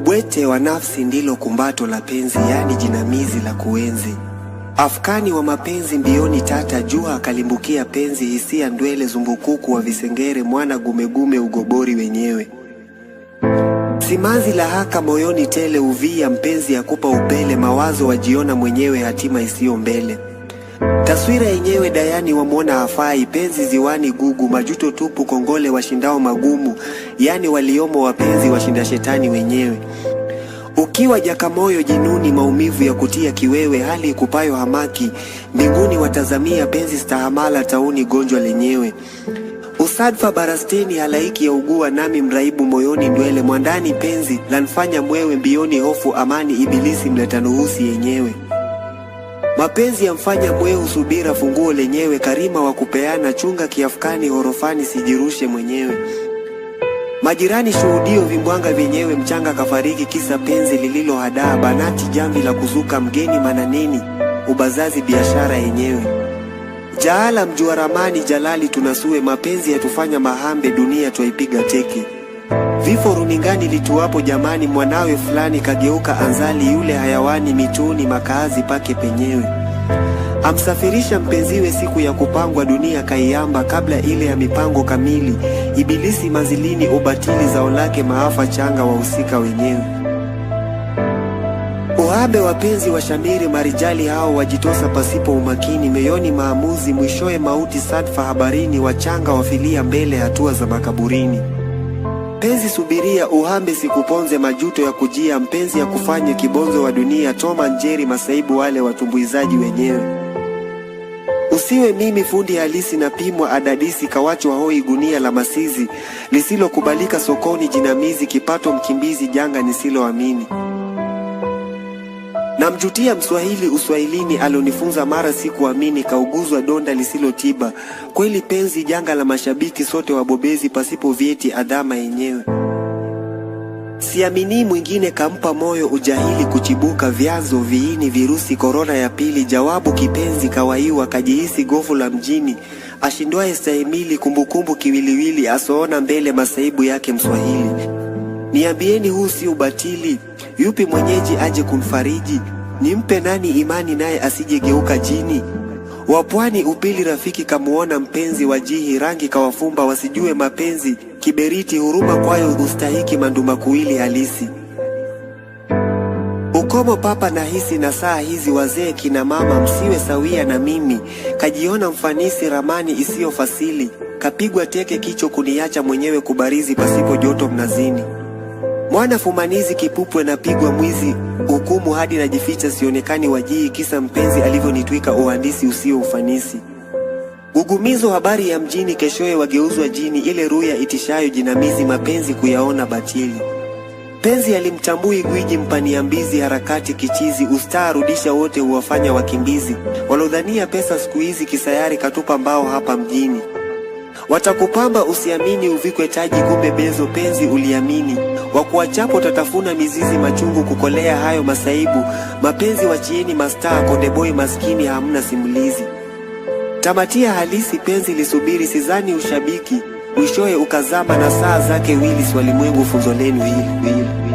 Ubwete wa nafsi ndilo kumbato la penzi, yaani jinamizi la kuenzi. Afkani wa mapenzi mbioni tata, jua akalimbukia penzi, hisia ndwele, zumbukuku wa visengere, mwana gumegume, ugobori wenyewe simazi la haka moyoni tele, uvia mpenzi akupa upele, mawazo wajiona mwenyewe, hatima isiyo mbele. Taswira yenyewe dayani wamwona hafai, penzi ziwani gugu, majuto tupu, kongole washindao magumu, yani waliomo wapenzi washinda shetani wenyewe. Ukiwa jakamoyo jinuni, maumivu ya kutia kiwewe, hali ikupayo hamaki, mbinguni watazamia, penzi stahamala, tauni gonjwa lenyewe. Usadfa barasteni halaiki ya ugua, nami mraibu moyoni ndwele, mwandani penzi lanfanya mwewe, mbioni hofu amani, ibilisi mletanuhusi yenyewe. Mapenzi yamfanya mwehu subira funguo lenyewe karima wa kupeana chunga kiafkani horofani sijirushe mwenyewe majirani shuhudio vimbwanga vyenyewe mchanga kafariki kisa penzi lililo hadaa banati jambi la kuzuka mgeni mananeni ubazazi biashara yenyewe jaala mjuaramani jalali tunasue mapenzi yatufanya mahambe dunia twaipiga teke. Vifo runingani lituwapo jamani, mwanawe fulani kageuka anzali, yule hayawani mituni, makaazi pake penyewe. Amsafirisha mpenziwe siku ya kupangwa, dunia kaiamba kabla ile ya mipango kamili. Ibilisi mazilini, ubatili zao lake, maafa changa wahusika wenyewe. Uhabe wapenzi wa shamiri, marijali hao wajitosa pasipo umakini, meyoni maamuzi, mwishowe mauti, sadfa habarini, wachanga wafilia mbele hatua za makaburini. Penzi subiria uhambe, sikuponze majuto ya kujia mpenzi, ya kufanya kibonzo wa dunia, Toma Njeri, masaibu wale watumbuizaji wenyewe. Usiwe mimi fundi halisi na pimwa adadisi, kawachwa hoi gunia la masizi, lisilokubalika sokoni jinamizi, kipato mkimbizi, janga nisiloamini. Namjutia Mswahili uswahilini alionifunza mara si kuamini, kauguzwa donda lisilotiba. Kweli penzi janga la mashabiki, sote wabobezi, pasipo vyeti adhama yenyewe. Siamini mwingine, kampa moyo ujahili kuchibuka, vyanzo viini, virusi korona ya pili. Jawabu kipenzi, kawaiwa, kajihisi gofu la mjini, ashindwaye stahimili, kumbukumbu kiwiliwili, asoona mbele masaibu yake Mswahili Niambieni, huu si ubatili? Yupi mwenyeji aje kumfariji? Nimpe nani imani, naye asijegeuka jini? Wapwani upili rafiki kamuona mpenzi, wajihi rangi kawafumba, wasijue mapenzi kiberiti, huruma kwayo hustahiki, mandumakuwili halisi ukomo papa na hisi na saa hizi, wazee kina mama, msiwe sawia na mimi. Kajiona mfanisi ramani isiyo fasili, kapigwa teke kicho kuniacha mwenyewe kubarizi, pasipo joto mnazini. Mwana fumanizi kipupwe na pigwa mwizi hukumu hadi najificha sionekani wajii kisa mpenzi alivyonitwika uhandisi usio ufanisi gugumizo habari ya mjini keshoye wageuzwa jini ile ruya itishayo jinamizi mapenzi kuyaona batili penzi alimtambui gwiji mpania mbizi harakati kichizi ustaa rudisha wote huwafanya wakimbizi walodhania pesa siku hizi kisayari katupa mbao hapa mjini watakupamba usiamini uvikwe taji kumbe bezo penzi uliamini wakuachapo tatafuna mizizi machungu kukolea hayo masaibu mapenzi wachieni mastaa kondeboi maskini hamna simulizi tamatia halisi penzi lisubiri sizani ushabiki mwishoye ukazama na saa zake wili swalimwengu funzo lenu hili